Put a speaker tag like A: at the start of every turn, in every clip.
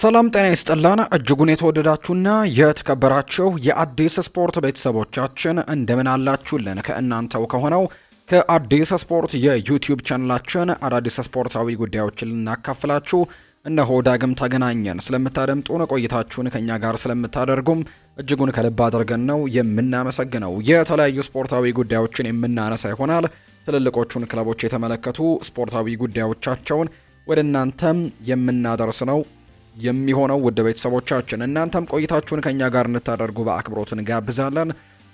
A: ሰላም ጤና ይስጥልን እጅጉን የተወደዳችሁና የተከበራችሁ የአዲስ ስፖርት ቤተሰቦቻችን እንደምን አላችሁልን? ከእናንተው ከሆነው ከአዲስ ስፖርት የዩቲዩብ ቻናላችን አዳዲስ ስፖርታዊ ጉዳዮችን ልናካፍላችሁ እነሆ ዳግም ተገናኘን። ስለምታደምጡን ቆይታችሁን ከእኛ ጋር ስለምታደርጉም እጅጉን ከልብ አድርገን ነው የምናመሰግነው። የተለያዩ ስፖርታዊ ጉዳዮችን የምናነሳ ይሆናል። ትልልቆቹን ክለቦች የተመለከቱ ስፖርታዊ ጉዳዮቻቸውን ወደ እናንተም የምናደርስ ነው የሚሆነው ውድ ቤተሰቦቻችን እናንተም ቆይታችሁን ከእኛ ጋር እንድታደርጉ በአክብሮት እንጋብዛለን።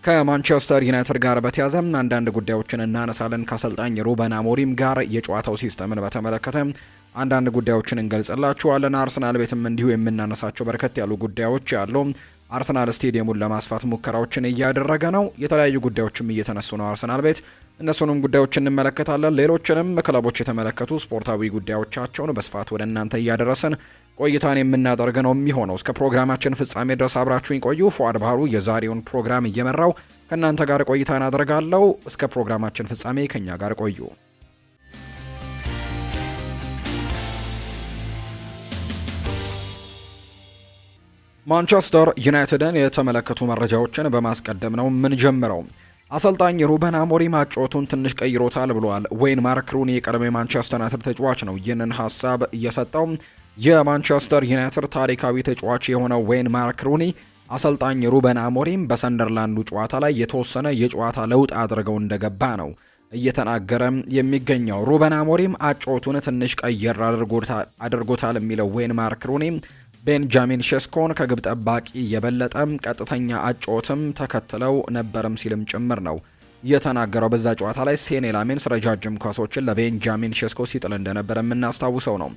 A: ከማንቸስተር ዩናይትድ ጋር በተያዘም አንዳንድ ጉዳዮችን እናነሳለን። ከአሰልጣኝ ሩበን አሞሪም ጋር የጨዋታው ሲስተምን በተመለከተ አንዳንድ ጉዳዮችን እንገልጽላችኋለን። አርሰናል ቤትም እንዲሁ የምናነሳቸው በርከት ያሉ ጉዳዮች አሉ። አርሰናል ስቴዲየሙን ለማስፋት ሙከራዎችን እያደረገ ነው። የተለያዩ ጉዳዮችም እየተነሱ ነው አርሰናል ቤት። እነሱንም ጉዳዮች እንመለከታለን። ሌሎችንም ክለቦች የተመለከቱ ስፖርታዊ ጉዳዮቻቸውን በስፋት ወደ እናንተ እያደረስን ቆይታን የምናደርግ ነው የሚሆነው። እስከ ፕሮግራማችን ፍጻሜ ድረስ አብራችሁኝ ቆዩ። ፏድ ባህሩ የዛሬውን ፕሮግራም እየመራው ከእናንተ ጋር ቆይታን አደርጋለሁ። እስከ ፕሮግራማችን ፍጻሜ ከእኛ ጋር ቆዩ። ማንቸስተር ዩናይትድን የተመለከቱ መረጃዎችን በማስቀደም ነው ምን ጀምረው። አሰልጣኝ ሩበን አሞሪም ማጮቱን ትንሽ ቀይሮታል ብለዋል። ወይን ማርክ ሩኒ የቀድሞ የማንቸስተር ዩናይትድ ተጫዋች ነው ይህንን ሀሳብ እየሰጠው። የማንቸስተር ዩናይትድ ታሪካዊ ተጫዋች የሆነው ወይን ማርክ ሩኒ አሰልጣኝ ሩበን አሞሪም በሰንደርላንዱ ጨዋታ ላይ የተወሰነ የጨዋታ ለውጥ አድርገው እንደገባ ነው እየተናገረ የሚገኘው። ሩበን አሞሪም አጮቱን ትንሽ ቀየር አድርጎታል የሚለው ወይን ማርክ ሩኒ ቤንጃሚን ሸስኮን ከግብ ጠባቂ የበለጠም ቀጥተኛ አጮትም ተከትለው ነበርም ሲልም ጭምር ነው የተናገረው። በዛ ጨዋታ ላይ ሴኔ ላሜንስ ረጃጅም ኳሶችን ለቤንጃሚን ሸስኮ ሲጥል እንደነበረ የምናስታውሰው ነው።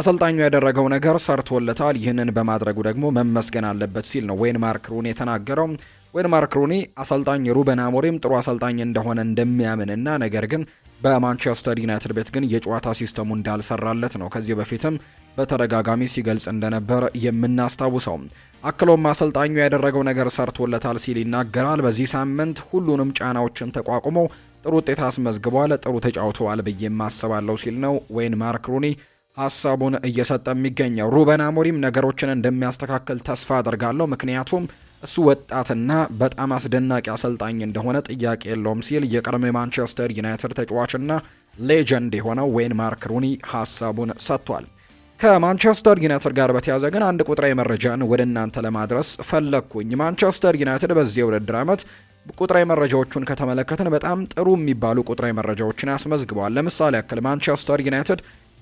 A: አሰልጣኙ ያደረገው ነገር ሰርቶለታል፣ ይህንን በማድረጉ ደግሞ መመስገን አለበት ሲል ነው ዌይን ማርክ ሩን የተናገረው። ወይን ማርክ ሩኒ አሰልጣኝ ሩበን አሞሪም ጥሩ አሰልጣኝ እንደሆነ እንደሚያምንና ነገር ግን በማንቸስተር ዩናይትድ ቤት ግን የጨዋታ ሲስተሙ እንዳልሰራለት ነው ከዚህ በፊትም በተደጋጋሚ ሲገልጽ እንደነበር የምናስታውሰው። አክሎም አሰልጣኙ ያደረገው ነገር ሰርቶለታል ሲል ይናገራል። በዚህ ሳምንት ሁሉንም ጫናዎችን ተቋቁሞ ጥሩ ውጤት አስመዝግቧል፣ ጥሩ ተጫውተዋል ብዬ ማስባለው ሲል ነው ወይን ማርክ ሩኒ ሀሳቡን እየሰጠ የሚገኘው። ሩበን አሞሪም ነገሮችን እንደሚያስተካክል ተስፋ አድርጋለሁ ምክንያቱም እሱ ወጣትና በጣም አስደናቂ አሰልጣኝ እንደሆነ ጥያቄ የለውም ሲል የቀድሞ የማንቸስተር ዩናይትድ ተጫዋችና ሌጀንድ የሆነው ዌይን ማርክ ሩኒ ሀሳቡን ሰጥቷል። ከማንቸስተር ዩናይትድ ጋር በተያዘ ግን አንድ ቁጥራዊ መረጃን ወደ እናንተ ለማድረስ ፈለግኩኝ። ማንቸስተር ዩናይትድ በዚህ የውድድር ዓመት ቁጥራዊ መረጃዎቹን ከተመለከትን በጣም ጥሩ የሚባሉ ቁጥራዊ መረጃዎችን አስመዝግበዋል። ለምሳሌ ያክል ማንቸስተር ዩናይትድ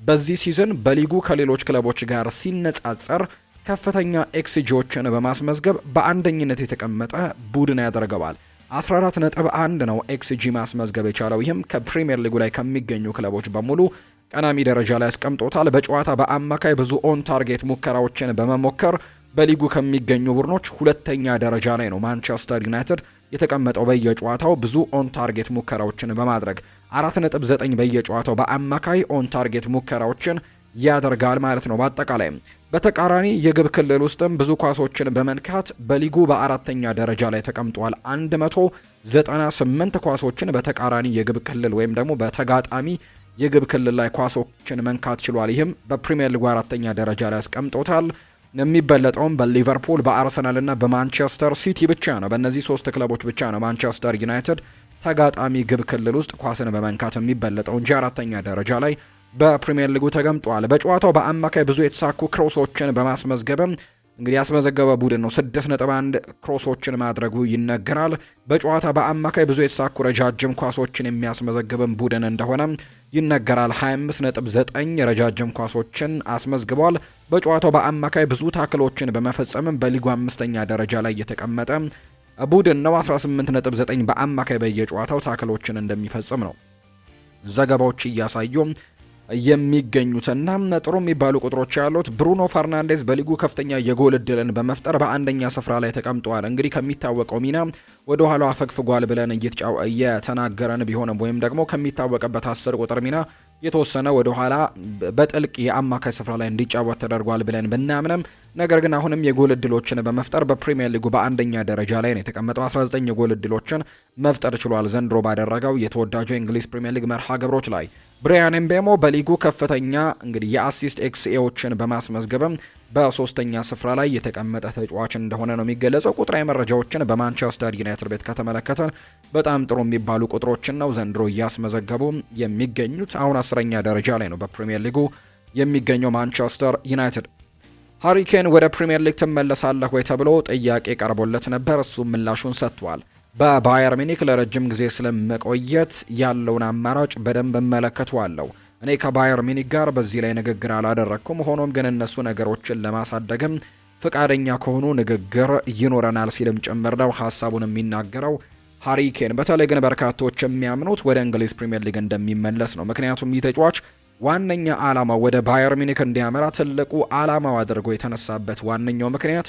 A: በዚህ ሲዝን በሊጉ ከሌሎች ክለቦች ጋር ሲነጻጸር ከፍተኛ ኤክስጂዎችን በማስመዝገብ በአንደኝነት የተቀመጠ ቡድን ያደርገዋል። 14 ነጥብ አንድ ነው ኤክስጂ ማስመዝገብ የቻለው ይህም ከፕሪምየር ሊጉ ላይ ከሚገኙ ክለቦች በሙሉ ቀናሚ ደረጃ ላይ አስቀምጦታል በጨዋታ በአማካይ ብዙ ኦን ታርጌት ሙከራዎችን በመሞከር በሊጉ ከሚገኙ ቡድኖች ሁለተኛ ደረጃ ላይ ነው ማንቸስተር ዩናይትድ የተቀመጠው። በየጨዋታው ብዙ ኦን ታርጌት ሙከራዎችን በማድረግ 4.9 በየጨዋታው በአማካይ ኦን ታርጌት ሙከራዎችን ያደርጋል ማለት ነው። በአጠቃላይ በተቃራኒ የግብ ክልል ውስጥም ብዙ ኳሶችን በመንካት በሊጉ በአራተኛ ደረጃ ላይ ተቀምጧል። 198 ኳሶችን በተቃራኒ የግብ ክልል ወይም ደግሞ በተጋጣሚ የግብ ክልል ላይ ኳሶችን መንካት ችሏል። ይህም በፕሪምየር ሊጉ አራተኛ ደረጃ ላይ አስቀምጦታል። የሚበለጠውም በሊቨርፑል እና በማንቸስተር ሲቲ ብቻ ነው። በእነዚህ ሶስት ክለቦች ብቻ ነው ማንቸስተር ዩናይትድ ተጋጣሚ ግብ ክልል ውስጥ ኳስን በመንካት የሚበለጠው እንጂ አራተኛ ደረጃ ላይ በፕሪምየር ሊጉ ተገምጧል። በጨዋታው በአማካይ ብዙ የተሳኩ ክሮሶችን በማስመዝገብም እንግዲህ ያስመዘገበ ቡድን ነው። ስድስት ነጥብ አንድ ክሮሶችን ማድረጉ ይነገራል። በጨዋታ በአማካይ ብዙ የተሳኩ ረጃጅም ኳሶችን የሚያስመዘግብም ቡድን እንደሆነ ይነገራል። 25 ነጥብ 9 ረጃጅም ኳሶችን አስመዝግቧል። በጨዋታው በአማካይ ብዙ ታክሎችን በመፈጸምም በሊጉ አምስተኛ ደረጃ ላይ የተቀመጠ ቡድን ነው። 18 ነጥብ 9 በአማካይ በየጨዋታው ታክሎችን እንደሚፈጽም ነው ዘገባዎች እያሳዩ የሚገኙትና ጥሩ የሚባሉ ቁጥሮች ያሉት ብሩኖ ፈርናንዴዝ በሊጉ ከፍተኛ የጎል እድልን በመፍጠር በአንደኛ ስፍራ ላይ ተቀምጠዋል። እንግዲህ ከሚታወቀው ሚና ወደ ኋላ አፈግፍጓል ብለን እየተናገረን ቢሆንም ወይም ደግሞ ከሚታወቅበት አስር ቁጥር ሚና የተወሰነ ወደ ኋላ በጥልቅ የአማካይ ስፍራ ላይ እንዲጫወት ተደርጓል ብለን ብናምንም ነገር ግን አሁንም የጎል እድሎችን በመፍጠር በፕሪምየር ሊጉ በአንደኛ ደረጃ ላይ ነው የተቀመጠው። 19 የጎል እድሎችን መፍጠር ችሏል ዘንድሮ ባደረገው የተወዳጁ የእንግሊዝ ፕሪምየር ሊግ መርሃ ግብሮች ላይ። ብሪያን ኤምቤሞ በሊጉ ከፍተኛ እንግዲህ የአሲስት ኤክስኤዎችን በማስመዝገብም በሶስተኛ ስፍራ ላይ የተቀመጠ ተጫዋች እንደሆነ ነው የሚገለጸው። ቁጥራዊ መረጃዎችን በማንቸስተር ዩናይትድ ቤት ከተመለከተን በጣም ጥሩ የሚባሉ ቁጥሮችን ነው ዘንድሮ እያስመዘገቡ የሚገኙት። አሁን አስረኛ ደረጃ ላይ ነው በፕሪምየር ሊጉ የሚገኘው ማንቸስተር ዩናይትድ። ሃሪኬን ወደ ፕሪምየር ሊግ ትመለሳለህ ወይ ተብሎ ጥያቄ ቀርቦለት ነበር። እሱም ምላሹን ሰጥቷል። በባየር ሚኒክ ለረጅም ጊዜ ስለመቆየት ያለውን አማራጭ በደንብ እመለከተዋለሁ። እኔ ከባየር ሚኒክ ጋር በዚህ ላይ ንግግር አላደረግኩም። ሆኖም ግን እነሱ ነገሮችን ለማሳደግም ፍቃደኛ ከሆኑ ንግግር ይኖረናል ሲልም ጭምር ነው ሀሳቡን የሚናገረው ሃሪኬን። በተለይ ግን በርካቶች የሚያምኑት ወደ እንግሊዝ ፕሪምየር ሊግ እንደሚመለስ ነው። ምክንያቱም ይህ ተጫዋች ዋነኛ ዓላማው ወደ ባየር ሚኒክ እንዲያመራ ትልቁ ዓላማው አድርጎ የተነሳበት ዋነኛው ምክንያት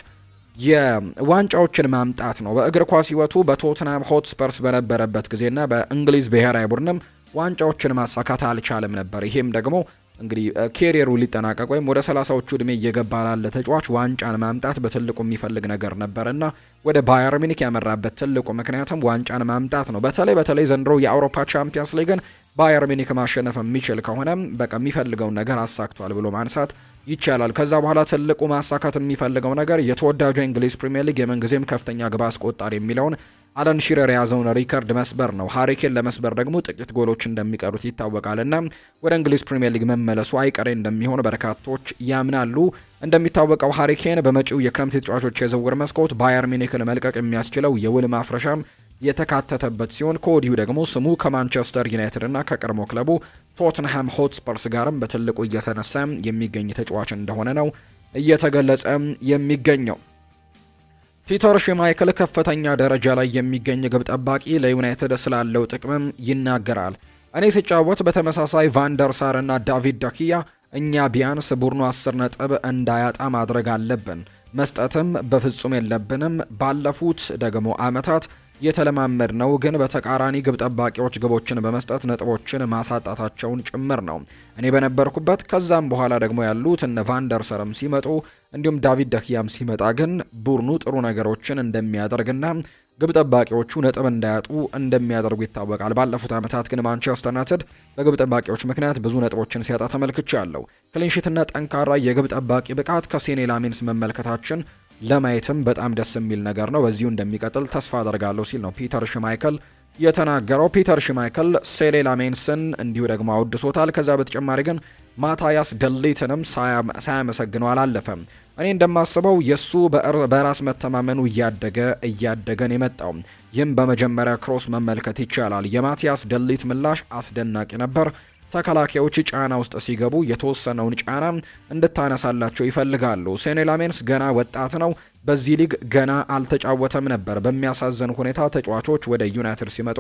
A: የዋንጫዎችን ማምጣት ነው። በእግር ኳስ ህይወቱ በቶትናም ሆትስፐርስ በነበረበት ጊዜና በእንግሊዝ ብሔራዊ ቡድንም ዋንጫዎችን ማሳካት አልቻለም ነበር። ይህም ደግሞ እንግዲህ ኬሪየሩ ሊጠናቀቅ ወይም ወደ ሰላሳዎቹ እድሜ እየገባ ላለ ተጫዋች ዋንጫን ማምጣት በትልቁ የሚፈልግ ነገር ነበርና ወደ ባየር ሚኒክ ያመራበት ትልቁ ምክንያትም ዋንጫን ማምጣት ነው። በተለይ በተለይ ዘንድሮ የአውሮፓ ቻምፒየንስ ሊግን ባየር ሚኒክ ማሸነፍ የሚችል ከሆነ በቃ የሚፈልገውን ነገር አሳክቷል ብሎ ማንሳት ይቻላል። ከዛ በኋላ ትልቁ ማሳካት የሚፈልገው ነገር የተወዳጁ እንግሊዝ ፕሪምየር ሊግ የምንጊዜም ከፍተኛ ግብ አስቆጣሪ የሚለውን አለን ሺረር የያዘውን ሪከርድ መስበር ነው። ሀሪኬን ለመስበር ደግሞ ጥቂት ጎሎች እንደሚቀሩት ይታወቃልና ወደ እንግሊዝ ፕሪምየር ሊግ መመለሱ አይቀሬ እንደሚሆን በርካቶች ያምናሉ። እንደሚታወቀው ሀሪኬን በመጪው የክረምት ተጫዋቾች የዝውውር መስኮት ባየር ሚኒክን መልቀቅ የሚያስችለው የውል ማፍረሻም የተካተተበት ሲሆን ከወዲሁ ደግሞ ስሙ ከማንቸስተር ዩናይትድ እና ከቀድሞ ክለቡ ቶትንሃም ሆትስፐርስ ጋርም በትልቁ እየተነሳ የሚገኝ ተጫዋች እንደሆነ ነው እየተገለጸ የሚገኘው። ፒተር ሽማይክል ከፍተኛ ደረጃ ላይ የሚገኝ ግብ ጠባቂ ለዩናይትድ ስላለው ጥቅምም ይናገራል። እኔ ሲጫወት በተመሳሳይ ቫንደርሳር እና ዳቪድ ዳኪያ እኛ ቢያንስ ቡድኑ 10 ነጥብ እንዳያጣ ማድረግ አለብን። መስጠትም በፍጹም የለብንም። ባለፉት ደግሞ ዓመታት የተለማመድ ነው፣ ግን በተቃራኒ ግብ ጠባቂዎች ግቦችን በመስጠት ነጥቦችን ማሳጣታቸውን ጭምር ነው። እኔ በነበርኩበት ከዛም በኋላ ደግሞ ያሉት እነ ቫንደርሰርም ሲመጡ እንዲሁም ዳቪድ ደክያም ሲመጣ ግን ቡድኑ ጥሩ ነገሮችን እንደሚያደርግና ግብ ጠባቂዎቹ ነጥብ እንዳያጡ እንደሚያደርጉ ይታወቃል። ባለፉት ዓመታት ግን ማንቸስተር ዩናይትድ በግብ ጠባቂዎች ምክንያት ብዙ ነጥቦችን ሲያጣ ተመልክቻለሁ። ክሊንሽትና ጠንካራ የግብ ጠባቂ ብቃት ከሴኔ መመልከታችን ለማየትም በጣም ደስ የሚል ነገር ነው። በዚሁ እንደሚቀጥል ተስፋ አደርጋለሁ ሲል ነው ፒተር ሽማይከል የተናገረው። ፒተር ሽማይከል ሴሌ ላሜንስን እንዲሁ ደግሞ አውድሶታል። ከዛ በተጨማሪ ግን ማታያስ ደሊትንም ሳያመሰግነው አላለፈም። እኔ እንደማስበው የሱ በራስ መተማመኑ እያደገ እያደገን የመጣው ይህም በመጀመሪያ ክሮስ መመልከት ይቻላል። የማቲያስ ደሊት ምላሽ አስደናቂ ነበር። ተከላካዮች ጫና ውስጥ ሲገቡ የተወሰነውን ጫና እንድታነሳላቸው ይፈልጋሉ። ሴኔላሜንስ ገና ወጣት ነው። በዚህ ሊግ ገና አልተጫወተም ነበር። በሚያሳዝን ሁኔታ ተጫዋቾች ወደ ዩናይትድ ሲመጡ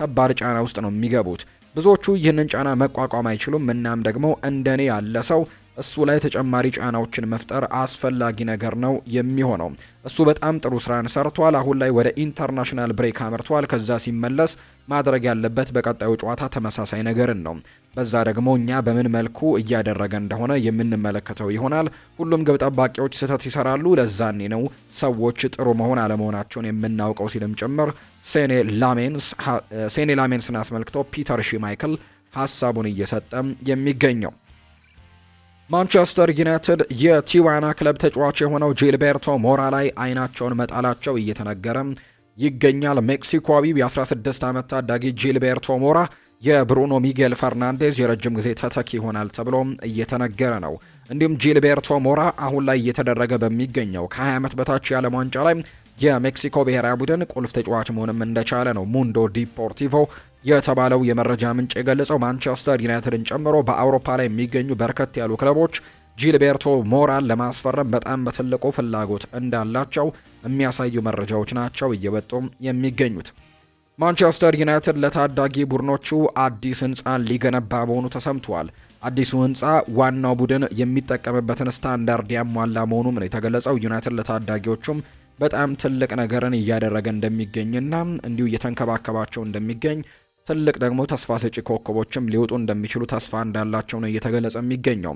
A: ከባድ ጫና ውስጥ ነው የሚገቡት። ብዙዎቹ ይህንን ጫና መቋቋም አይችሉም። እናም ደግሞ እንደኔ ያለ ሰው እሱ ላይ ተጨማሪ ጫናዎችን መፍጠር አስፈላጊ ነገር ነው የሚሆነው። እሱ በጣም ጥሩ ስራን ሰርቷል። አሁን ላይ ወደ ኢንተርናሽናል ብሬክ አምርቷል። ከዛ ሲመለስ ማድረግ ያለበት በቀጣዩ ጨዋታ ተመሳሳይ ነገርን ነው። በዛ ደግሞ እኛ በምን መልኩ እያደረገ እንደሆነ የምንመለከተው ይሆናል። ሁሉም ግብ ጠባቂዎች ስህተት ይሰራሉ። ለዛኔ ነው ሰዎች ጥሩ መሆን አለመሆናቸውን የምናውቀው ሲልም ጭምር ሴኔ ላሜንስን አስመልክቶ ፒተር ሺ ማይክል ሀሳቡን እየሰጠም የሚገኘው ማንቸስተር ዩናይትድ የቲዋና ክለብ ተጫዋች የሆነው ጂልቤርቶ ሞራ ላይ አይናቸውን መጣላቸው እየተነገረ ይገኛል። ሜክሲኮዊው የ16 ዓመት ታዳጊ ጂልቤርቶ ሞራ የብሩኖ ሚጌል ፈርናንዴዝ የረጅም ጊዜ ተተኪ ይሆናል ተብሎ እየተነገረ ነው። እንዲሁም ጂልቤርቶ ሞራ አሁን ላይ እየተደረገ በሚገኘው ከ20 ዓመት በታች የዓለም ዋንጫ ላይ የሜክሲኮ ብሔራዊ ቡድን ቁልፍ ተጫዋች መሆንም እንደቻለ ነው ሙንዶ ዲፖርቲቮ የተባለው የመረጃ ምንጭ የገለጸው። ማንቸስተር ዩናይትድን ጨምሮ በአውሮፓ ላይ የሚገኙ በርከት ያሉ ክለቦች ጂልቤርቶ ሞራል ለማስፈረም በጣም በትልቁ ፍላጎት እንዳላቸው የሚያሳዩ መረጃዎች ናቸው እየወጡ የሚገኙት። ማንቸስተር ዩናይትድ ለታዳጊ ቡድኖቹ አዲስ ህንፃን ሊገነባ መሆኑ ተሰምቷል። አዲሱ ህንፃ ዋናው ቡድን የሚጠቀምበትን ስታንዳርድ ያሟላ መሆኑም ነው የተገለጸው። ዩናይትድ ለታዳጊዎቹም በጣም ትልቅ ነገርን እያደረገ እንደሚገኝና እንዲሁ እየተንከባከባቸው እንደሚገኝ ትልቅ ደግሞ ተስፋ ሰጪ ኮከቦችም ሊወጡ እንደሚችሉ ተስፋ እንዳላቸው ነው እየተገለጸ የሚገኘው።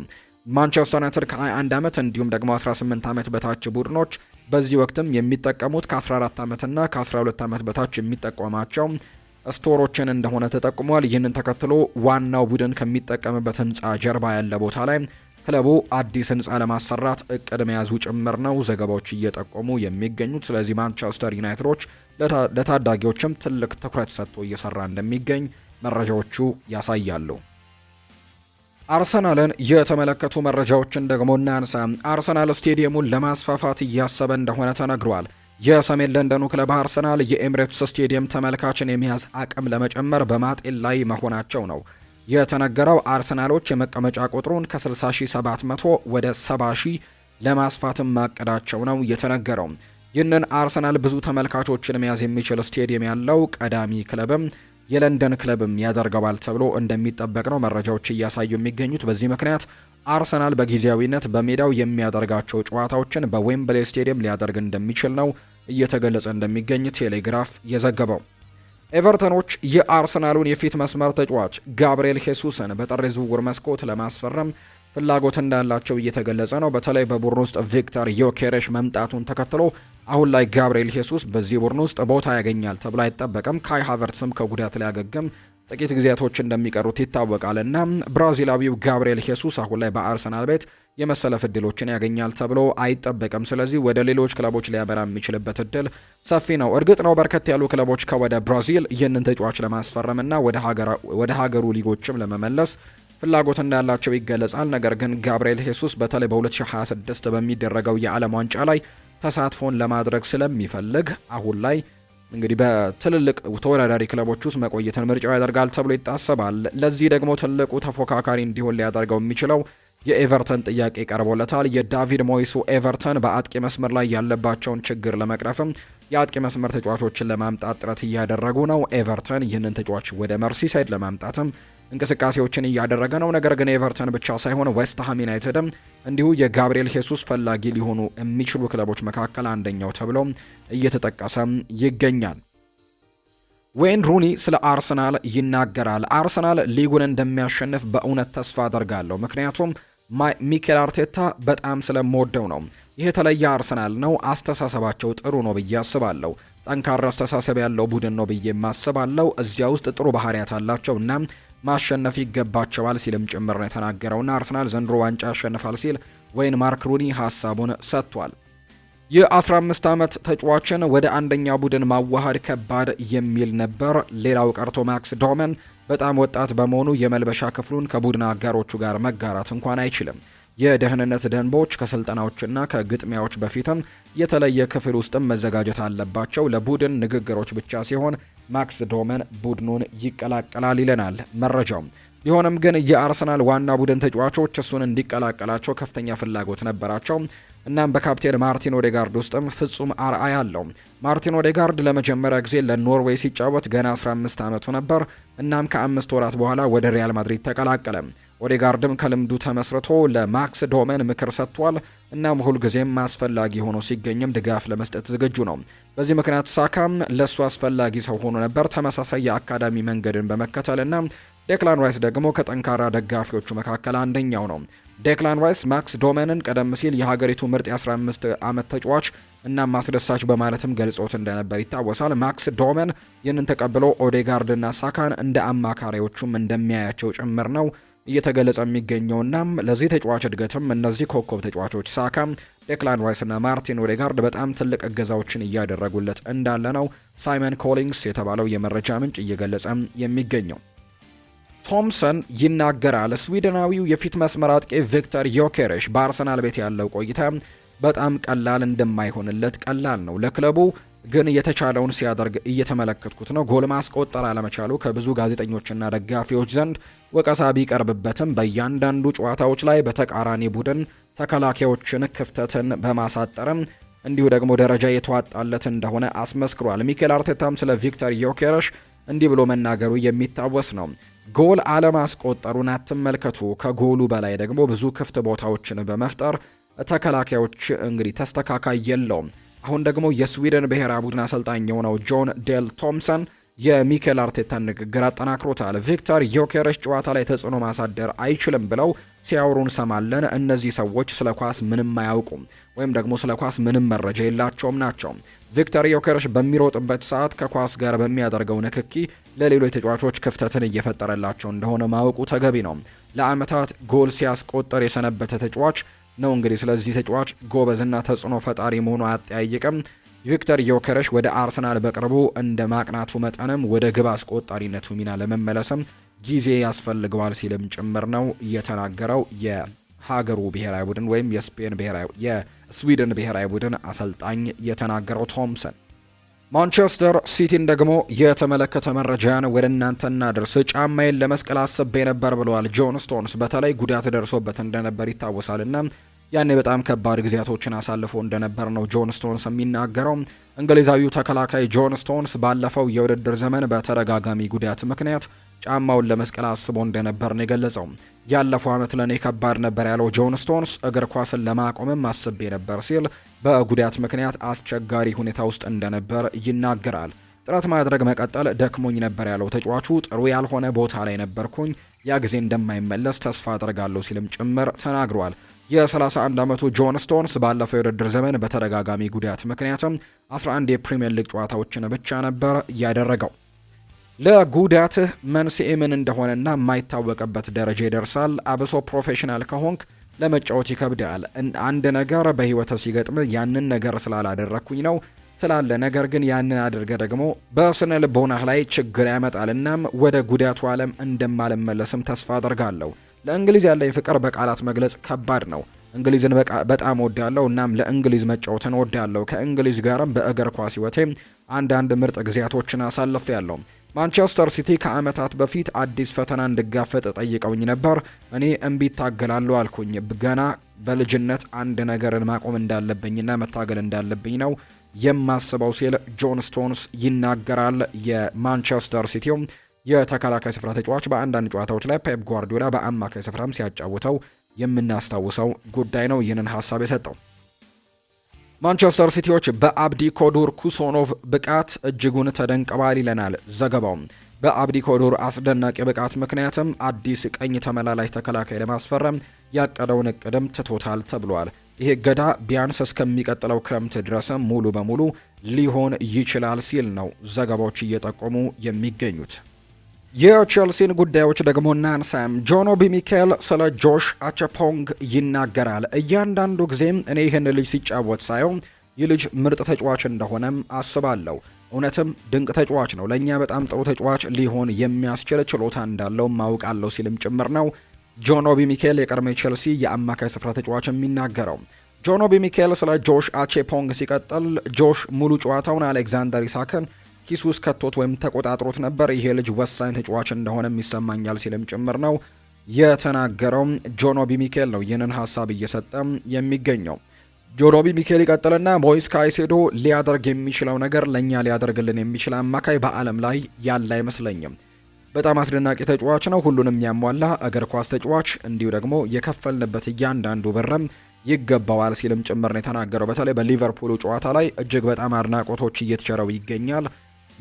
A: ማንቸስተር ዩናይትድ ከ21 ዓመት እንዲሁም ደግሞ 18 ዓመት በታች ቡድኖች በዚህ ወቅትም የሚጠቀሙት ከ14 ዓመትና ከ12 ዓመት በታች የሚጠቀማቸው ስቶሮችን እንደሆነ ተጠቁሟል። ይህንን ተከትሎ ዋናው ቡድን ከሚጠቀምበት ህንፃ ጀርባ ያለ ቦታ ላይ ክለቡ አዲስ ህንፃ ለማሰራት እቅድ መያዙ ጭምር ነው ዘገባዎች እየጠቆሙ የሚገኙት። ስለዚህ ማንቸስተር ዩናይትዶች ለታዳጊዎችም ትልቅ ትኩረት ሰጥቶ እየሰራ እንደሚገኝ መረጃዎቹ ያሳያሉ። አርሰናልን የተመለከቱ መረጃዎችን ደግሞ እናንሳ። አርሰናል ስቴዲየሙን ለማስፋፋት እያሰበ እንደሆነ ተነግሯል። የሰሜን ለንደኑ ክለብ አርሰናል የኤምሬትስ ስቴዲየም ተመልካችን የመያዝ አቅም ለመጨመር በማጤን ላይ መሆናቸው ነው የተነገረው አርሰናሎች የመቀመጫ ቁጥሩን ከ60700 ወደ 70000 ለማስፋትም ማቀዳቸው ነው የተነገረው። ይህንን አርሰናል ብዙ ተመልካቾችን መያዝ የሚችል ስቴዲየም ያለው ቀዳሚ ክለብም የለንደን ክለብም ያደርገዋል ተብሎ እንደሚጠበቅ ነው መረጃዎች እያሳዩ የሚገኙት። በዚህ ምክንያት አርሰናል በጊዜያዊነት በሜዳው የሚያደርጋቸው ጨዋታዎችን በዌምብሌ ስቴዲየም ሊያደርግ እንደሚችል ነው እየተገለጸ እንደሚገኝ ቴሌግራፍ የዘገበው። ኤቨርተኖች የአርሰናሉን የፊት መስመር ተጫዋች ጋብርኤል ሄሱስን በጥር ዝውውር መስኮት ለማስፈረም ፍላጎት እንዳላቸው እየተገለጸ ነው። በተለይ በቡድን ውስጥ ቪክተር ዮኬሬሽ መምጣቱን ተከትሎ አሁን ላይ ጋብርኤል ሄሱስ በዚህ ቡድን ውስጥ ቦታ ያገኛል ተብሎ አይጠበቅም። ካይ ሃቨርትስም ከጉዳት ሊያገግም ጥቂት ጊዜያቶች እንደሚቀሩት ይታወቃል እና ብራዚላዊው ጋብርኤል ሄሱስ አሁን ላይ በአርሰናል ቤት የመሰለፍ እድሎችን ያገኛል ተብሎ አይጠበቅም። ስለዚህ ወደ ሌሎች ክለቦች ሊያበራ የሚችልበት እድል ሰፊ ነው። እርግጥ ነው በርከት ያሉ ክለቦች ከወደ ብራዚል ይህንን ተጫዋች ለማስፈረም እና ወደ ሀገሩ ሊጎችም ለመመለስ ፍላጎት እንዳላቸው ይገለጻል። ነገር ግን ጋብርኤል ሄሱስ በተለይ በ2026 በሚደረገው የዓለም ዋንጫ ላይ ተሳትፎን ለማድረግ ስለሚፈልግ አሁን ላይ እንግዲህ በትልልቅ ተወዳዳሪ ክለቦች ውስጥ መቆየትን ምርጫው ያደርጋል ተብሎ ይታሰባል። ለዚህ ደግሞ ትልቁ ተፎካካሪ እንዲሆን ሊያደርገው የሚችለው የኤቨርተን ጥያቄ ቀርቦለታል። የዳቪድ ሞይሱ ኤቨርተን በአጥቂ መስመር ላይ ያለባቸውን ችግር ለመቅረፍም የአጥቂ መስመር ተጫዋቾችን ለማምጣት ጥረት እያደረጉ ነው። ኤቨርተን ይህንን ተጫዋች ወደ መርሲሳይድ ለማምጣትም እንቅስቃሴዎችን እያደረገ ነው። ነገር ግን ኤቨርተን ብቻ ሳይሆን ዌስትሃም ዩናይትድም እንዲሁ የጋብሪኤል ሄሱስ ፈላጊ ሊሆኑ የሚችሉ ክለቦች መካከል አንደኛው ተብሎ እየተጠቀሰ ይገኛል። ዌይን ሩኒ ስለ አርሰናል ይናገራል። አርሰናል ሊጉን እንደሚያሸንፍ በእውነት ተስፋ አደርጋለሁ፣ ምክንያቱም ሚኬል አርቴታ በጣም ስለምወደው ነው። ይህ የተለየ አርሰናል ነው። አስተሳሰባቸው ጥሩ ነው ብዬ አስባለሁ። ጠንካራ አስተሳሰብ ያለው ቡድን ነው ብዬ ማስባለሁ። እዚያ ውስጥ ጥሩ ባህሪያት አላቸው እና ማሸነፍ ይገባቸዋል ሲልም ጭምር ነው የተናገረውና አርሰናል ዘንድሮ ዋንጫ ያሸንፋል ሲል ወይን ማርክ ሩኒ ሀሳቡን ሰጥቷል። የ15 ዓመት ተጫዋችን ወደ አንደኛ ቡድን ማዋሃድ ከባድ የሚል ነበር። ሌላው ቀርቶ ማክስ ዶመን በጣም ወጣት በመሆኑ የመልበሻ ክፍሉን ከቡድን አጋሮቹ ጋር መጋራት እንኳን አይችልም። የደህንነት ደንቦች ከስልጠናዎችና ከግጥሚያዎች በፊትም የተለየ ክፍል ውስጥም መዘጋጀት አለባቸው። ለቡድን ንግግሮች ብቻ ሲሆን ማክስ ዶመን ቡድኑን ይቀላቀላል ይለናል መረጃው። ቢሆንም ግን የአርሰናል ዋና ቡድን ተጫዋቾች እሱን እንዲቀላቀላቸው ከፍተኛ ፍላጎት ነበራቸው። እናም በካፕቴን ማርቲን ኦዴጋርድ ውስጥም ፍጹም አርአይ አለው። ማርቲን ኦዴጋርድ ለመጀመሪያ ጊዜ ለኖርዌይ ሲጫወት ገና 15 ዓመቱ ነበር። እናም ከአምስት ወራት በኋላ ወደ ሪያል ማድሪድ ተቀላቀለ። ኦዴጋርድም ከልምዱ ተመስርቶ ለማክስ ዶመን ምክር ሰጥቷል። እናም ሁልጊዜም አስፈላጊ ሆኖ ሲገኝም ድጋፍ ለመስጠት ዝግጁ ነው። በዚህ ምክንያት ሳካም ለእሱ አስፈላጊ ሰው ሆኖ ነበር። ተመሳሳይ የአካዳሚ መንገድን በመከተል እና ዴክላን ራይስ ደግሞ ከጠንካራ ደጋፊዎቹ መካከል አንደኛው ነው። ዴክላን ራይስ ማክስ ዶመንን ቀደም ሲል የሀገሪቱ ምርጥ የ15 ዓመት ተጫዋች እና ማስደሳች በማለትም ገልጾት እንደነበር ይታወሳል። ማክስ ዶመን ይህንን ተቀብሎ ኦዴጋርድና ሳካን እንደ አማካሪዎቹም እንደሚያያቸው ጭምር ነው እየተገለጸ የሚገኘውናም ለዚህ ተጫዋች እድገትም እነዚህ ኮከብ ተጫዋቾች ሳካ፣ ዴክላን ራይስና ማርቲን ኦዴጋርድ በጣም ትልቅ እገዛዎችን እያደረጉለት እንዳለ ነው ሳይመን ኮሊንግስ የተባለው የመረጃ ምንጭ እየገለጸ የሚገኘው። ቶምሰን ይናገራል። ስዊድናዊው የፊት መስመር አጥቂ ቪክተር ዮኬሬሽ በአርሰናል ቤት ያለው ቆይታ በጣም ቀላል እንደማይሆንለት ቀላል ነው ለክለቡ ግን የተቻለውን ሲያደርግ እየተመለከትኩት ነው። ጎል ማስቆጠር አለመቻሉ ከብዙ ጋዜጠኞችና ደጋፊዎች ዘንድ ወቀሳ ቢቀርብበትም በእያንዳንዱ ጨዋታዎች ላይ በተቃራኒ ቡድን ተከላካዮችን ክፍተትን በማሳጠርም እንዲሁ ደግሞ ደረጃ የተዋጣለት እንደሆነ አስመስክሯል። ሚኬል አርቴታም ስለ ቪክተር ዮኬረሽ እንዲህ ብሎ መናገሩ የሚታወስ ነው። ጎል አለማስቆጠሩን አትመልከቱ፣ ከጎሉ በላይ ደግሞ ብዙ ክፍት ቦታዎችን በመፍጠር ተከላካዮች እንግዲህ ተስተካካይ የለውም አሁን ደግሞ የስዊድን ብሔራዊ ቡድን አሰልጣኝ የሆነው ጆን ዴል ቶምሰን የሚኬል አርቴታን ንግግር አጠናክሮታል። ቪክተር ዮኬረሽ ጨዋታ ላይ ተጽዕኖ ማሳደር አይችልም ብለው ሲያወሩ እንሰማለን። እነዚህ ሰዎች ስለ ኳስ ምንም አያውቁም ወይም ደግሞ ስለ ኳስ ምንም መረጃ የላቸውም ናቸው። ቪክተር ዮኬረሽ በሚሮጥበት ሰዓት ከኳስ ጋር በሚያደርገው ንክኪ ለሌሎች ተጫዋቾች ክፍተትን እየፈጠረላቸው እንደሆነ ማወቁ ተገቢ ነው። ለአመታት ጎል ሲያስቆጠር የሰነበተ ተጫዋች ነው። እንግዲህ ስለዚህ ተጫዋች ጎበዝና ተጽዕኖ ፈጣሪ መሆኑ አያጠያይቅም። ቪክተር ዮከረሽ ወደ አርሰናል በቅርቡ እንደ ማቅናቱ መጠንም ወደ ግብ አስቆጣሪነቱ ሚና ለመመለስም ጊዜ ያስፈልገዋል ሲልም ጭምር ነው እየተናገረው የሀገሩ ብሔራዊ ቡድን ወይም የስፔን ብሔራዊ የስዊድን ብሔራዊ ቡድን አሰልጣኝ የተናገረው ቶምሰን ማንቸስተር ሲቲን ደግሞ የተመለከተ መረጃን ወደ እናንተ እናድርስ። ጫማዬን ለመስቀል አስቤ ነበር ብለዋል ጆን ስቶንስ። በተለይ ጉዳት ደርሶበት እንደነበር ይታወሳልና ያኔ በጣም ከባድ ጊዜያቶችን አሳልፎ እንደነበር ነው ጆን ስቶንስ የሚናገረው። እንግሊዛዊው ተከላካይ ጆን ስቶንስ ባለፈው የውድድር ዘመን በተደጋጋሚ ጉዳት ምክንያት ጫማውን ለመስቀል አስቦ እንደነበር ነው የገለጸው። ያለፈው ዓመት ለእኔ ከባድ ነበር ያለው ጆን ስቶንስ እግር ኳስን ለማቆምም አስቤ ነበር ሲል በጉዳት ምክንያት አስቸጋሪ ሁኔታ ውስጥ እንደነበር ይናገራል። ጥረት ማድረግ መቀጠል ደክሞኝ ነበር ያለው ተጫዋቹ ጥሩ ያልሆነ ቦታ ላይ ነበርኩኝ፣ ያ ጊዜ እንደማይመለስ ተስፋ አድርጋለሁ ሲልም ጭምር ተናግሯል። የ31 ዓመቱ ጆን ስቶንስ ባለፈው የውድድር ዘመን በተደጋጋሚ ጉዳት ምክንያትም 11 የፕሪምየር ሊግ ጨዋታዎችን ብቻ ነበር ያደረገው። ለጉዳትህ መንስኤ ምን እንደሆነና የማይታወቅበት ደረጃ ይደርሳል። አብሶ ፕሮፌሽናል ከሆንክ ለመጫወት ይከብዳል። አንድ ነገር በህይወት ሲገጥም ያንን ነገር ስላላደረግኩኝ ነው ትላለ። ነገር ግን ያንን አድርገ ደግሞ በስነ ልቦናህ ላይ ችግር ያመጣል። እናም ወደ ጉዳቱ ዓለም እንደማልመለስም ተስፋ አድርጋለሁ። ለእንግሊዝ ያለ የፍቅር በቃላት መግለጽ ከባድ ነው። እንግሊዝን በጣም ወዳለው እናም ለእንግሊዝ መጫወትን ወዳለው። ከእንግሊዝ ጋርም በእግር ኳስ ህይወቴ አንዳንድ ምርጥ ጊዜያቶችን አሳልፍ ያለው። ማንቸስተር ሲቲ ከአመታት በፊት አዲስ ፈተና እንድጋፈጥ ጠይቀውኝ ነበር። እኔ እምቢ እታገላለሁ አልኩኝ። ገና በልጅነት አንድ ነገርን ማቆም እንዳለብኝና መታገል እንዳለብኝ ነው የማስበው ሲል ጆን ስቶንስ ይናገራል። የማንቸስተር ሲቲው የተከላካይ ስፍራ ተጫዋች በአንዳንድ ጨዋታዎች ላይ ፔፕ ጓርዲዮላ በአማካይ ስፍራም ሲያጫውተው የምናስታውሰው ጉዳይ ነው። ይህንን ሀሳብ የሰጠው ማንቸስተር ሲቲዎች በአብዲ ኮዱር ኩሶኖቭ ብቃት እጅጉን ተደንቀዋል ይለናል ዘገባው። በአብዲ ኮዱር አስደናቂ ብቃት ምክንያትም አዲስ ቀኝ ተመላላሽ ተከላካይ ለማስፈረም ያቀደውን እቅድም ትቶታል ተብሏል። ይሄ ገዳ ቢያንስ እስከሚቀጥለው ክረምት ድረስም ሙሉ በሙሉ ሊሆን ይችላል ሲል ነው ዘገባዎች እየጠቆሙ የሚገኙት። የቼልሲን ጉዳዮች ደግሞ እናንሳም። ጆን ኦቢ ሚካኤል ስለ ጆሽ አቸፖንግ ይናገራል። እያንዳንዱ ጊዜም እኔ ይህን ልጅ ሲጫወት ሳየው ይህ ልጅ ምርጥ ተጫዋች እንደሆነም አስባለሁ። እውነትም ድንቅ ተጫዋች ነው። ለእኛ በጣም ጥሩ ተጫዋች ሊሆን የሚያስችል ችሎታ እንዳለው ማውቃለሁ ሲልም ጭምር ነው ጆን ኦቢ ሚካኤል የቀድሞ ቼልሲ የአማካይ ስፍራ ተጫዋች የሚናገረው። ጆን ኦቢ ሚካኤል ስለ ጆሽ አቼፖንግ ሲቀጥል ጆሽ ሙሉ ጨዋታውን አሌክዛንደር ኢሳክን ኪስ ውስጥ ከቶት ወይም ተቆጣጥሮት ነበር። ይሄ ልጅ ወሳኝ ተጫዋች እንደሆነም ይሰማኛል ሲልም ጭምር ነው የተናገረው። ጆኖቢ ሚኬል ነው ይህንን ሀሳብ እየሰጠ የሚገኘው። ጆኖቢ ሚኬል ይቀጥልና ሞይስ ካይሴዶ ሊያደርግ የሚችለው ነገር ለእኛ ሊያደርግልን የሚችል አማካይ በዓለም ላይ ያለ አይመስለኝም። በጣም አስደናቂ ተጫዋች ነው። ሁሉንም ያሟላ እግር ኳስ ተጫዋች፣ እንዲሁ ደግሞ የከፈልንበት እያንዳንዱ ብርም ይገባዋል ሲልም ጭምር ነው የተናገረው። በተለይ በሊቨርፑሉ ጨዋታ ላይ እጅግ በጣም አድናቆቶች እየተቸረው ይገኛል።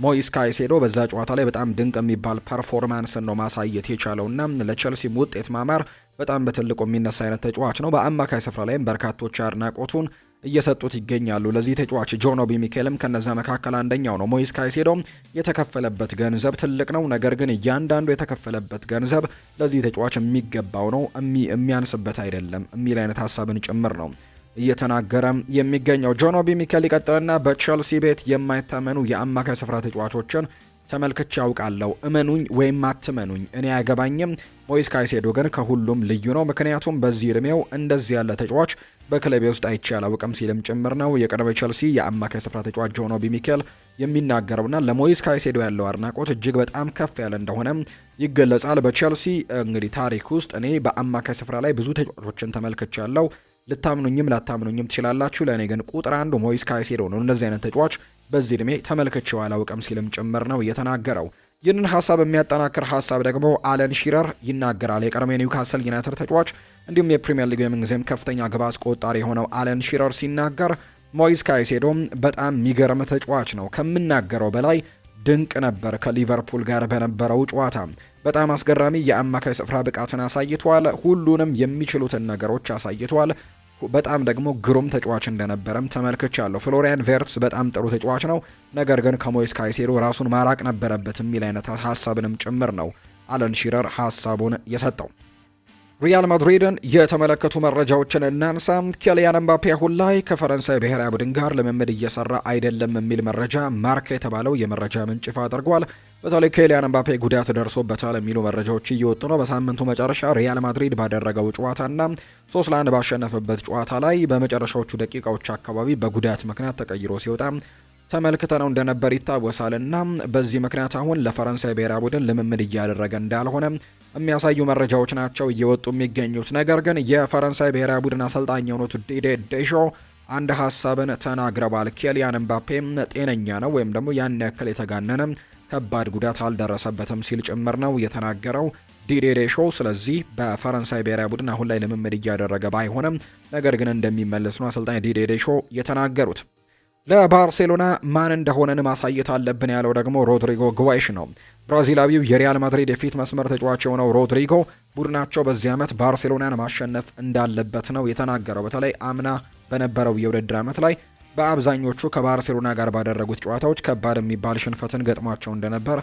A: ሞይስ ካይሴዶ በዛ ጨዋታ ላይ በጣም ድንቅ የሚባል ፐርፎርማንስን ነው ማሳየት የቻለውና ለቸልሲም ውጤት ማማር በጣም በትልቁ የሚነሳ አይነት ተጫዋች ነው። በአማካይ ስፍራ ላይም በርካቶች አድናቆቱን እየሰጡት ይገኛሉ። ለዚህ ተጫዋች ጆኖቢ ሚኬልም ከነዛ መካከል አንደኛው ነው። ሞይስ ካይሴዶ የተከፈለበት ገንዘብ ትልቅ ነው፣ ነገር ግን እያንዳንዱ የተከፈለበት ገንዘብ ለዚህ ተጫዋች የሚገባው ነው፣ የሚያንስበት አይደለም የሚል አይነት ሀሳብን ጭምር ነው እየተናገረ የሚገኘው። ጆን ኦቢ ሚኬል ይቀጥልና በቼልሲ ቤት የማይታመኑ የአማካይ ስፍራ ተጫዋቾችን ተመልክቼ ያውቃለሁ። እመኑኝ ወይም አትመኑኝ እኔ አያገባኝም። ሞይስ ካይሴዶ ግን ከሁሉም ልዩ ነው፣ ምክንያቱም በዚህ እድሜው እንደዚህ ያለ ተጫዋች በክለቤ ውስጥ አይቼ አላውቅም ሲልም ጭምር ነው የቀድሞ ቼልሲ የአማካይ ስፍራ ተጫዋች ጆን ኦቢ ሚኬል የሚናገረውና ለሞይስ ካይሴዶ ያለው አድናቆት እጅግ በጣም ከፍ ያለ እንደሆነ ይገለጻል። በቼልሲ እንግዲህ ታሪክ ውስጥ እኔ በአማካይ ስፍራ ላይ ብዙ ተጫዋቾችን ተመልክቻለሁ ልታምኑኝም ላታምኑኝም ትችላላችሁ። ለእኔ ግን ቁጥር አንዱ ሞይስ ካይሴዶ ነው። እንደዚህ አይነት ተጫዋች በዚህ እድሜ ተመልክቼው አላውቅም ሲልም ጭምር ነው የተናገረው። ይህንን ሀሳብ የሚያጠናክር ሀሳብ ደግሞ አለን ሺረር ይናገራል። የቀድሞ ኒውካስል ዩናይትድ ተጫዋች እንዲሁም የፕሪምየር ሊግ የምንጊዜም ከፍተኛ ግብ አስቆጣሪ የሆነው አለን ሺረር ሲናገር ሞይስ ካይሴዶም በጣም የሚገርም ተጫዋች ነው ከምናገረው በላይ ድንቅ ነበር። ከሊቨርፑል ጋር በነበረው ጨዋታ በጣም አስገራሚ የአማካይ ስፍራ ብቃትን አሳይቷል። ሁሉንም የሚችሉትን ነገሮች አሳይቷል። በጣም ደግሞ ግሩም ተጫዋች እንደነበረም ተመልክቻለሁ። ፍሎሪያን ቬርትስ በጣም ጥሩ ተጫዋች ነው፣ ነገር ግን ከሞይስ ካይሴዶ ራሱን ማራቅ ነበረበት የሚል አይነት ሀሳብንም ጭምር ነው አለን ሺረር ሀሳቡን የሰጠው። ሪያል ማድሪድን የተመለከቱ መረጃዎችን እናንሳ። ኬሊያን ምባፔ አሁን ላይ ከፈረንሳይ ብሔራዊ ቡድን ጋር ልምምድ እየሰራ አይደለም የሚል መረጃ ማርካ የተባለው የመረጃ ምንጭ ይፋ አድርጓል። በተለይ ኬሊያን ምባፔ ጉዳት ደርሶበታል የሚሉ መረጃዎች እየወጡ ነው። በሳምንቱ መጨረሻ ሪያል ማድሪድ ባደረገው ጨዋታና ሶስት ለአንድ ባሸነፈበት ጨዋታ ላይ በመጨረሻዎቹ ደቂቃዎች አካባቢ በጉዳት ምክንያት ተቀይሮ ሲወጣ ተመልክተነው እንደነበር ይታወሳል እና በዚህ ምክንያት አሁን ለፈረንሳይ ብሔራዊ ቡድን ልምምድ እያደረገ እንዳልሆነ የሚያሳዩ መረጃዎች ናቸው እየወጡ የሚገኙት። ነገር ግን የፈረንሳይ ብሔራዊ ቡድን አሰልጣኝ የሆኑት ዲዴ ዴሾ አንድ ሀሳብን ተናግረዋል። ኬሊያን ምባፔም ጤነኛ ነው ወይም ደግሞ ያን ያክል የተጋነነ ከባድ ጉዳት አልደረሰበትም ሲል ጭምር ነው የተናገረው ዲዴ ዴሾ። ስለዚህ በፈረንሳይ ብሔራዊ ቡድን አሁን ላይ ልምምድ እያደረገ ባይሆንም ነገር ግን እንደሚመለስ ነው አሰልጣኝ ዲዴ ዴሾ የተናገሩት። ለባርሴሎና ማን እንደሆነን ማሳየት አለብን ያለው ደግሞ ሮድሪጎ ግዋይሽ ነው። ብራዚላዊው የሪያል ማድሪድ የፊት መስመር ተጫዋች የሆነው ሮድሪጎ ቡድናቸው በዚህ ዓመት ባርሴሎናን ማሸነፍ እንዳለበት ነው የተናገረው። በተለይ አምና በነበረው የውድድር ዓመት ላይ በአብዛኞቹ ከባርሴሎና ጋር ባደረጉት ጨዋታዎች ከባድ የሚባል ሽንፈትን ገጥሟቸው እንደነበር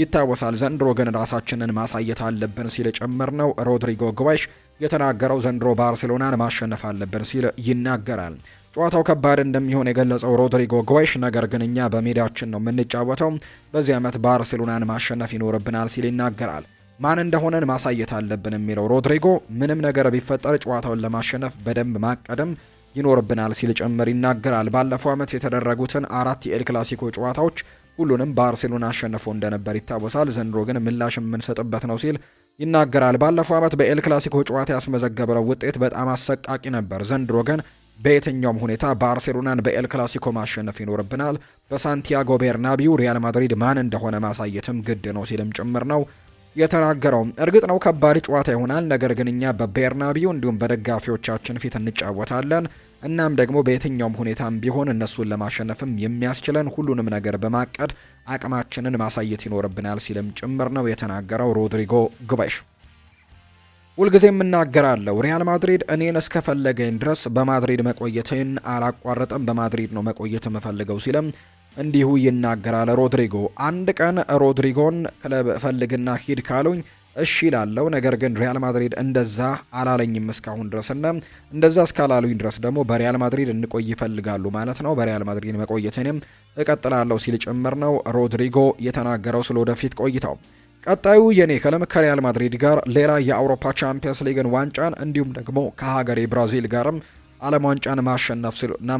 A: ይታወሳል። ዘንድሮ ግን ራሳችንን ማሳየት አለብን ሲል ጭምር ነው ሮድሪጎ ግዋይሽ የተናገረው። ዘንድሮ ባርሴሎናን ማሸነፍ አለብን ሲል ይናገራል። ጨዋታው ከባድ እንደሚሆን የገለጸው ሮድሪጎ ጎይሽ ነገር ግን እኛ በሜዳችን ነው የምንጫወተው፣ በዚህ ዓመት ባርሴሎናን ማሸነፍ ይኖርብናል ሲል ይናገራል። ማን እንደሆነን ማሳየት አለብን የሚለው ሮድሪጎ ምንም ነገር ቢፈጠር ጨዋታውን ለማሸነፍ በደንብ ማቀደም ይኖርብናል ሲል ጭምር ይናገራል። ባለፈው ዓመት የተደረጉትን አራት የኤል ክላሲኮ ጨዋታዎች ሁሉንም ባርሴሎና አሸንፎ እንደነበር ይታወሳል። ዘንድሮ ግን ምላሽ የምንሰጥበት ነው ሲል ይናገራል። ባለፈው ዓመት በኤል ክላሲኮ ጨዋታ ያስመዘገበው ውጤት በጣም አሰቃቂ ነበር። ዘንድሮ ግን በየትኛውም ሁኔታ ባርሴሎናን በኤል ክላሲኮ ማሸነፍ ይኖርብናል። በሳንቲያጎ ቤርናቢው ሪያል ማድሪድ ማን እንደሆነ ማሳየትም ግድ ነው ሲልም ጭምር ነው የተናገረው። እርግጥ ነው ከባድ ጨዋታ ይሆናል። ነገር ግን እኛ በቤርናቢው እንዲሁም በደጋፊዎቻችን ፊት እንጫወታለን። እናም ደግሞ በየትኛውም ሁኔታም ቢሆን እነሱን ለማሸነፍም የሚያስችለን ሁሉንም ነገር በማቀድ አቅማችንን ማሳየት ይኖርብናል ሲልም ጭምር ነው የተናገረው ሮድሪጎ ጉበሽ። ሁልጊዜ የምናገራለሁ ሪያል ማድሪድ እኔን እስከፈለገኝ ድረስ በማድሪድ መቆየትን አላቋረጠም፣ በማድሪድ ነው መቆየት የምፈልገው ሲልም እንዲሁ ይናገራል ሮድሪጎ። አንድ ቀን ሮድሪጎን ክለብ ፈልግና ሂድ ካሉኝ እሺ ላለው ነገር ግን ሪያል ማድሪድ እንደዛ አላለኝም እስካሁን ድረስና እንደዛ እስካላሉኝ ድረስ ደግሞ በሪያል ማድሪድ እንቆይ ይፈልጋሉ ማለት ነው። በሪያል ማድሪድ መቆየትንም እቀጥላለሁ ሲል ጭምር ነው ሮድሪጎ የተናገረው ስለወደፊት ቆይታው። ቀጣዩ የኔ ከለም ከሪያል ማድሪድ ጋር ሌላ የአውሮፓ ቻምፒየንስ ሊግን ዋንጫን እንዲሁም ደግሞ ከሀገሬ ብራዚል ጋርም ዓለም ዋንጫን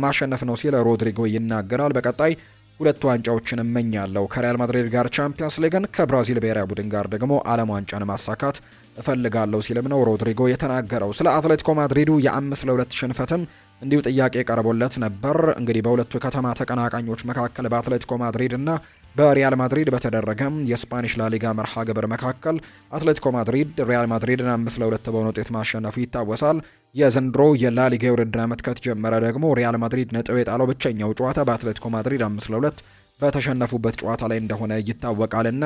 A: ማሸነፍ ነው ሲል ሮድሪጎ ይናገራል። በቀጣይ ሁለት ዋንጫዎችን እመኛለሁ። ከሪያል ማድሪድ ጋር ቻምፒየንስ ሊግን፣ ከብራዚል ብሔራዊ ቡድን ጋር ደግሞ ዓለም ዋንጫን ማሳካት እፈልጋለሁ ሲልም ነው ሮድሪጎ የተናገረው። ስለ አትሌቲኮ ማድሪዱ የአምስት ለሁለት ሽንፈትም እንዲሁ ጥያቄ ቀርቦለት ነበር። እንግዲህ በሁለቱ ከተማ ተቀናቃኞች መካከል በአትሌቲኮ ማድሪድ እና በሪያል ማድሪድ በተደረገ የስፓኒሽ ላሊጋ መርሃ ግብር መካከል አትሌቲኮ ማድሪድ ሪያል ማድሪድን አምስት ለሁለት በሆነ ውጤት ማሸነፉ ይታወሳል። የዘንድሮ የላሊጋ የውድድር ዓመት ከተጀመረ ደግሞ ሪያል ማድሪድ ነጥብ የጣለው ብቸኛው ጨዋታ በአትሌቲኮ ማድሪድ አምስት ለሁለት በተሸነፉበት ጨዋታ ላይ እንደሆነ ይታወቃልና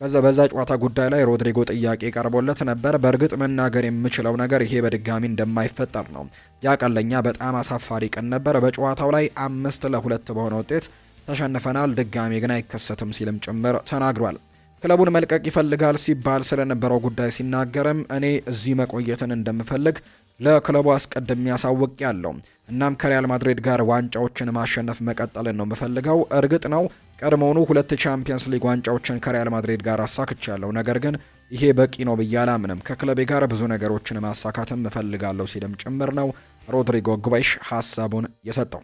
A: ከዛ በዛ ጨዋታ ጉዳይ ላይ ሮድሪጎ ጥያቄ ቀርቦለት ነበር። በእርግጥ መናገር የምችለው ነገር ይሄ በድጋሚ እንደማይፈጠር ነው። ያ ቀን ለኛ በጣም አሳፋሪ ቀን ነበር። በጨዋታው ላይ አምስት ለሁለት በሆነ ውጤት ተሸንፈናል። ድጋሚ ግን አይከሰትም ሲልም ጭምር ተናግሯል። ክለቡን መልቀቅ ይፈልጋል ሲባል ስለነበረው ጉዳይ ሲናገርም እኔ እዚህ መቆየትን እንደምፈልግ ለክለቡ አስቀድሜ ያሳውቅ ያለው እናም ከሪያል ማድሪድ ጋር ዋንጫዎችን ማሸነፍ መቀጠልን ነው የምፈልገው። እርግጥ ነው ቀድሞውኑ ሁለት ቻምፒየንስ ሊግ ዋንጫዎችን ከሪያል ማድሪድ ጋር አሳክቻለሁ፣ ነገር ግን ይሄ በቂ ነው ብዬ አላምንም። ከክለቤ ጋር ብዙ ነገሮችን ማሳካትም እፈልጋለሁ ሲልም ጭምር ነው ሮድሪጎ ጉባይሽ ሀሳቡን የሰጠው።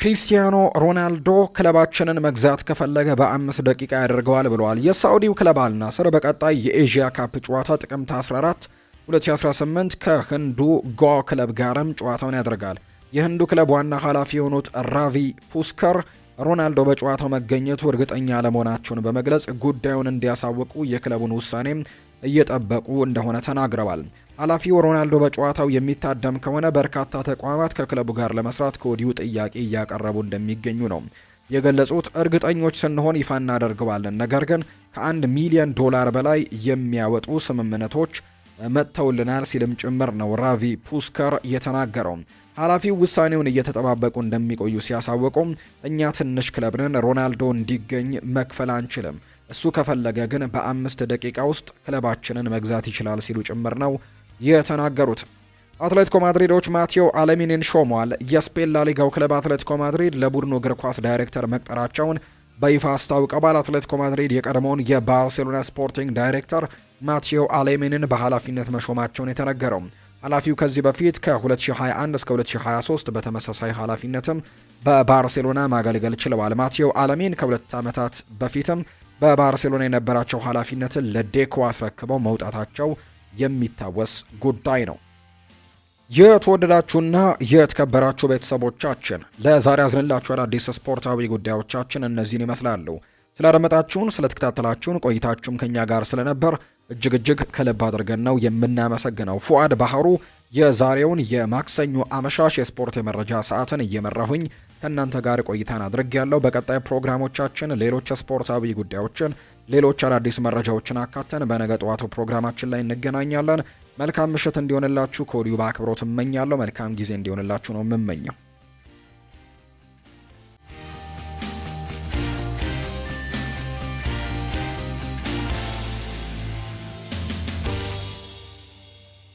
A: ክሪስቲያኖ ሮናልዶ ክለባችንን መግዛት ከፈለገ በአምስት ደቂቃ ያደርገዋል ብለዋል። የሳዑዲው ክለብ አልናስር በቀጣይ የኤዥያ ካፕ ጨዋታ ጥቅምት 14 2018 ከህንዱ ጎ ክለብ ጋርም ጨዋታውን ያደርጋል። የህንዱ ክለብ ዋና ኃላፊ የሆኑት ራቪ ፑስከር ሮናልዶ በጨዋታው መገኘቱ እርግጠኛ አለመሆናቸውን በመግለጽ ጉዳዩን እንዲያሳውቁ የክለቡን ውሳኔም እየጠበቁ እንደሆነ ተናግረዋል። ኃላፊው ሮናልዶ በጨዋታው የሚታደም ከሆነ በርካታ ተቋማት ከክለቡ ጋር ለመስራት ከወዲሁ ጥያቄ እያቀረቡ እንደሚገኙ ነው የገለጹት። እርግጠኞች ስንሆን ይፋ እናደርገዋለን፣ ነገር ግን ከአንድ ሚሊዮን ዶላር በላይ የሚያወጡ ስምምነቶች መጥተውልናል ሲልም ጭምር ነው ራቪ ፑስከር የተናገረው። ኃላፊው ውሳኔውን እየተጠባበቁ እንደሚቆዩ ሲያሳወቁ፣ እኛ ትንሽ ክለብ ነን፣ ሮናልዶ እንዲገኝ መክፈል አንችልም። እሱ ከፈለገ ግን በአምስት ደቂቃ ውስጥ ክለባችንን መግዛት ይችላል ሲሉ ጭምር ነው የተናገሩት። አትሌቲኮ ማድሪዶች ማቴዎ አለሚኒን ሾሟል። የስፔን ላሊጋው ክለብ አትሌቲኮ ማድሪድ ለቡድኑ እግር ኳስ ዳይሬክተር መቅጠራቸውን በይፋ አስታውቀዋል። አትሌቲኮ ማድሪድ የቀድሞውን የባርሴሎና ስፖርቲንግ ዳይሬክተር ማቴዎ አሌሜንን በኃላፊነት መሾማቸውን የተነገረው። ኃላፊው ከዚህ በፊት ከ2021 እስከ 2023 በተመሳሳይ ኃላፊነትም በባርሴሎና ማገልገል ችለዋል። ማቴዎ አለሜን ከሁለት ዓመታት በፊትም በባርሴሎና የነበራቸው ኃላፊነትን ለዴኮ አስረክበው መውጣታቸው የሚታወስ ጉዳይ ነው። የተወደዳችሁና የተከበራችሁ ቤተሰቦቻችን ለዛሬ ያዝንላችሁ አዳዲስ ስፖርታዊ ጉዳዮቻችን እነዚህን ይመስላሉ። ስላደመጣችሁን፣ ስለተከታተላችሁን ቆይታችሁም ከኛ ጋር ስለነበር እጅግ እጅግ ከልብ አድርገን ነው የምናመሰግነው። ፉአድ ባህሩ የዛሬውን የማክሰኞ አመሻሽ የስፖርት የመረጃ ሰዓትን እየመራሁኝ ከእናንተ ጋር ቆይታን አድርግ ያለው። በቀጣይ ፕሮግራሞቻችን ሌሎች ስፖርታዊ ጉዳዮችን፣ ሌሎች አዳዲስ መረጃዎችን አካተን በነገ ጠዋቱ ፕሮግራማችን ላይ እንገናኛለን። መልካም ምሽት እንዲሆንላችሁ ከወዲሁ በአክብሮት እመኛለሁ። መልካም ጊዜ እንዲሆንላችሁ ነው የምመኘው።